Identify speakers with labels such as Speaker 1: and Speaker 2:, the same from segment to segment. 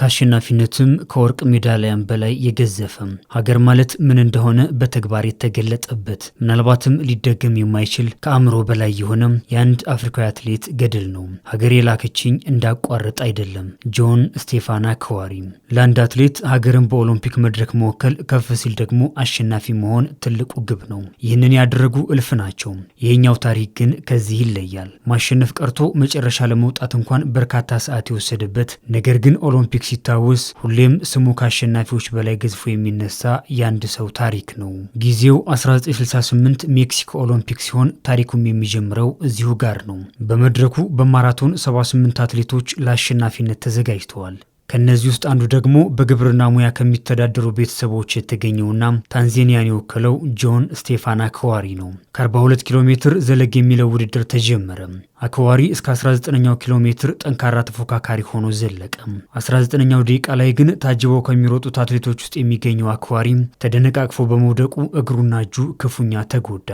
Speaker 1: ከአሸናፊነትም ከወርቅ ሜዳሊያም በላይ የገዘፈም ሀገር ማለት ምን እንደሆነ በተግባር የተገለጠበት ምናልባትም ሊደገም የማይችል ከአእምሮ በላይ የሆነ የአንድ አፍሪካዊ አትሌት ገድል ነው። ሀገር የላከችኝ እንዳቋረጥ አይደለም። ጆን ስቴፋና ከዋሪ ለአንድ አትሌት ሀገርን በኦሎምፒክ መድረክ መወከል ከፍ ሲል ደግሞ አሸናፊ መሆን ትልቁ ግብ ነው። ይህንን ያደረጉ እልፍ ናቸው። ይህኛው ታሪክ ግን ከዚህ ይለያል። ማሸነፍ ቀርቶ መጨረሻ ለመውጣት እንኳን በርካታ ሰዓት የወሰደበት ነገር ግን ኦሎምፒክ ሲታወስ ሁሌም ስሙ ከአሸናፊዎች በላይ ገዝፎ የሚነሳ የአንድ ሰው ታሪክ ነው። ጊዜው 1968 ሜክሲኮ ኦሎምፒክ ሲሆን ታሪኩም የሚጀምረው እዚሁ ጋር ነው። በመድረኩ በማራቶን 78 አትሌቶች ለአሸናፊነት ተዘጋጅተዋል። ከእነዚህ ውስጥ አንዱ ደግሞ በግብርና ሙያ ከሚተዳደሩ ቤተሰቦች የተገኘውና ታንዛኒያን የወከለው ጆን ስቴፋና ከዋሪ ነው። ከ42 ኪሎ ሜትር ዘለግ የሚለው ውድድር ተጀመረ። አኮዋሪ እስከ 19ኛው ኪሎ ሜትር ጠንካራ ተፎካካሪ ሆኖ ዘለቀም። 19ኛው ደቂቃ ላይ ግን ታጅበው ከሚሮጡት አትሌቶች ውስጥ የሚገኘው አኮዋሪ ተደነቃቅፎ በመውደቁ እግሩና እጁ ክፉኛ ተጎዳ።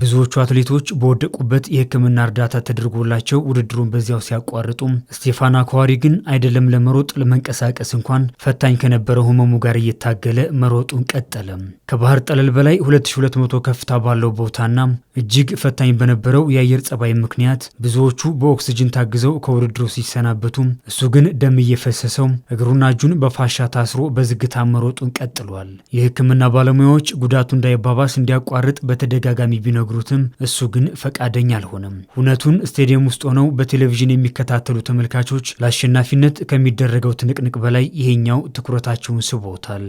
Speaker 1: ብዙዎቹ አትሌቶች በወደቁበት የሕክምና እርዳታ ተደርጎላቸው ውድድሩን በዚያው ሲያቋርጡ፣ ስቴፋን አኮዋሪ ግን አይደለም ለመሮጥ ለመንቀሳቀስ እንኳን ፈታኝ ከነበረው ህመሙ ጋር እየታገለ መሮጡን ቀጠለ። ከባህር ጠለል በላይ 2200 ከፍታ ባለው ቦታና እጅግ ፈታኝ በነበረው የአየር ጸባይ ምክንያት ብዙዎቹ በኦክስጅን ታግዘው ከውድድሩ ሲሰናበቱ እሱ ግን ደም እየፈሰሰው እግሩና እጁን በፋሻ ታስሮ በዝግታ መሮጡን ቀጥሏል። የህክምና ባለሙያዎች ጉዳቱ እንዳይባባስ እንዲያቋርጥ በተደጋጋሚ ቢነግሩትም እሱ ግን ፈቃደኛ አልሆነም። እውነቱን ስቴዲየም ውስጥ ሆነው በቴሌቪዥን የሚከታተሉ ተመልካቾች ለአሸናፊነት ከሚደረገው ትንቅንቅ በላይ ይሄኛው ትኩረታቸውን ስቦታል።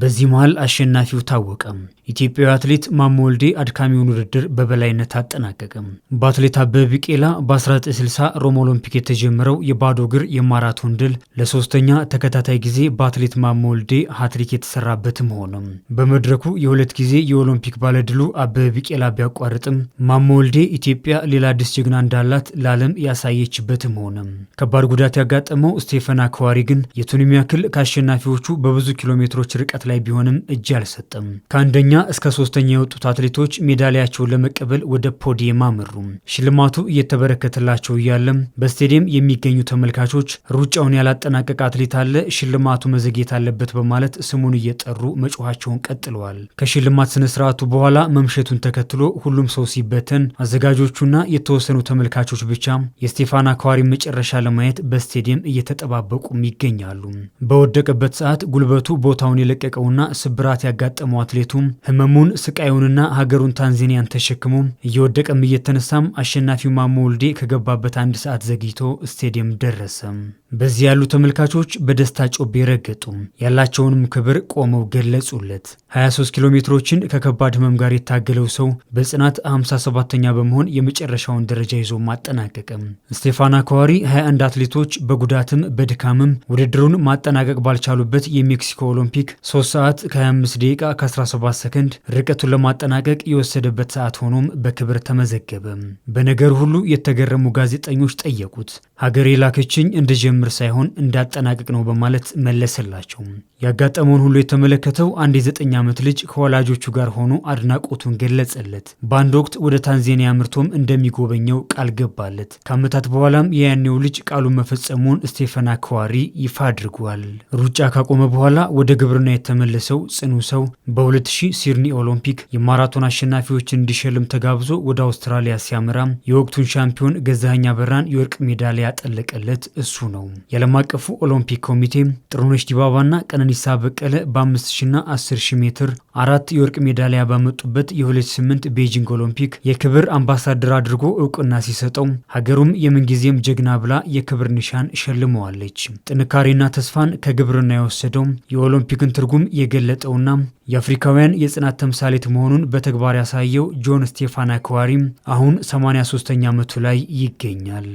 Speaker 1: በዚህ መሀል አሸናፊው ታወቀም። ኢትዮጵያዊ አትሌት ማሞ ወልዴ አድካሚውን ውድድር በበላይነት አጠናቀቅም። በአትሌት አበበ ቢቄላ በ1960 ሮም ኦሎምፒክ የተጀመረው የባዶ እግር የማራቶን ድል ለሶስተኛ ተከታታይ ጊዜ በአትሌት ማሞ ወልዴ ሀትሪክ የተሰራበትም ሆነም። በመድረኩ የሁለት ጊዜ የኦሎምፒክ ባለድሉ አበበ ቢቄላ ቢያቋርጥም ማሞ ወልዴ ኢትዮጵያ ሌላ አዲስ ጀግና እንዳላት ለዓለም ያሳየችበትም ሆነም። ከባድ ጉዳት ያጋጠመው ስቴፈን አክዋሪ ግን የቱንም ያክል ከአሸናፊዎቹ በብዙ ኪሎ ሜትሮች ርቀት ርቀት ላይ ቢሆንም እጅ አልሰጠም። ከአንደኛ እስከ ሶስተኛ የወጡት አትሌቶች ሜዳሊያቸውን ለመቀበል ወደ ፖዲየም አመሩ። ሽልማቱ እየተበረከተላቸው እያለም በስቴዲየም የሚገኙ ተመልካቾች ሩጫውን ያላጠናቀቀ አትሌት አለ፣ ሽልማቱ መዘግየት አለበት በማለት ስሙን እየጠሩ መጮኋቸውን ቀጥለዋል። ከሽልማት ስነስርዓቱ በኋላ መምሸቱን ተከትሎ ሁሉም ሰው ሲበተን አዘጋጆቹና የተወሰኑ ተመልካቾች ብቻ የስቴፋን አካዋሪ መጨረሻ ለማየት በስቴዲየም እየተጠባበቁም ይገኛሉ። በወደቀበት ሰዓት ጉልበቱ ቦታውን የለቀ የተጠነቀቀውና ስብራት ያጋጠመው አትሌቱም ህመሙን ስቃዩንና ሀገሩን ታንዛኒያን ተሸክሞ እየወደቀም እየተነሳም አሸናፊው ማሞ ወልዴ ከገባበት አንድ ሰዓት ዘግይቶ ስቴዲየም ደረሰ። በዚህ ያሉ ተመልካቾች በደስታ ጮቤ ረገጡ፣ ያላቸውንም ክብር ቆመው ገለጹለት። 23 ኪሎ ሜትሮችን ከከባድ ህመም ጋር የታገለው ሰው በጽናት 57ኛ በመሆን የመጨረሻውን ደረጃ ይዞ ማጠናቀቅም። ስቴፋና ከዋሪ 21 አትሌቶች በጉዳትም በድካምም ውድድሩን ማጠናቀቅ ባልቻሉበት የሜክሲኮ ኦሎምፒክ 3 ሰዓት ከ25 ደቂቃ ከ17 ሰከንድ ርቀቱን ለማጠናቀቅ የወሰደበት ሰዓት ሆኖም በክብር ተመዘገበ። በነገር ሁሉ የተገረሙ ጋዜጠኞች ጠየቁት። ሀገሬ የላከችኝ እንድጀምር ሳይሆን እንዳጠናቀቅ ነው በማለት መለሰላቸው። ያጋጠመውን ሁሉ የተመለከተው አንድ የዘጠኝ ዓመት ልጅ ከወላጆቹ ጋር ሆኖ አድናቆቱን ገለጸለት። በአንድ ወቅት ወደ ታንዛኒያ ምርቶም እንደሚጎበኘው ቃል ገባለት። ከዓመታት በኋላም የያኔው ልጅ ቃሉን መፈጸሙን ስቴፈን አክዋሪ ይፋ አድርጓል። ሩጫ ካቆመ በኋላ ወደ ግብርና የተመለሰው ጽኑ ሰው በ2000 ሲድኒ ኦሎምፒክ የማራቶን አሸናፊዎችን እንዲሸልም ተጋብዞ ወደ አውስትራሊያ ሲያመራ የወቅቱን ሻምፒዮን ገዛኸኝ አበራን የወርቅ ሜዳሊያ ያጠለቀለት እሱ ነው። የዓለም አቀፉ ኦሎምፒክ ኮሚቴ ጥሩነሽ ዲባባና ቀነኒሳ በቀለ በ5000ና 10000 ሜትር አራት የወርቅ ሜዳሊያ ባመጡበት የ2008 ቤጂንግ ኦሎምፒክ የክብር አምባሳደር አድርጎ እውቅና ሲሰጠው ሀገሩም የምንጊዜም ጀግና ብላ የክብር ኒሻን ሸልመዋለች። ጥንካሬና ተስፋን ከግብርና የወሰደው የኦሎምፒክን ትርጉም ትርጉም የገለጠውና የአፍሪካውያን የጽናት ተምሳሌት መሆኑን በተግባር ያሳየው ጆን ስቴፋን አክዋሪም አሁን 83ኛ ዓመቱ ላይ ይገኛል።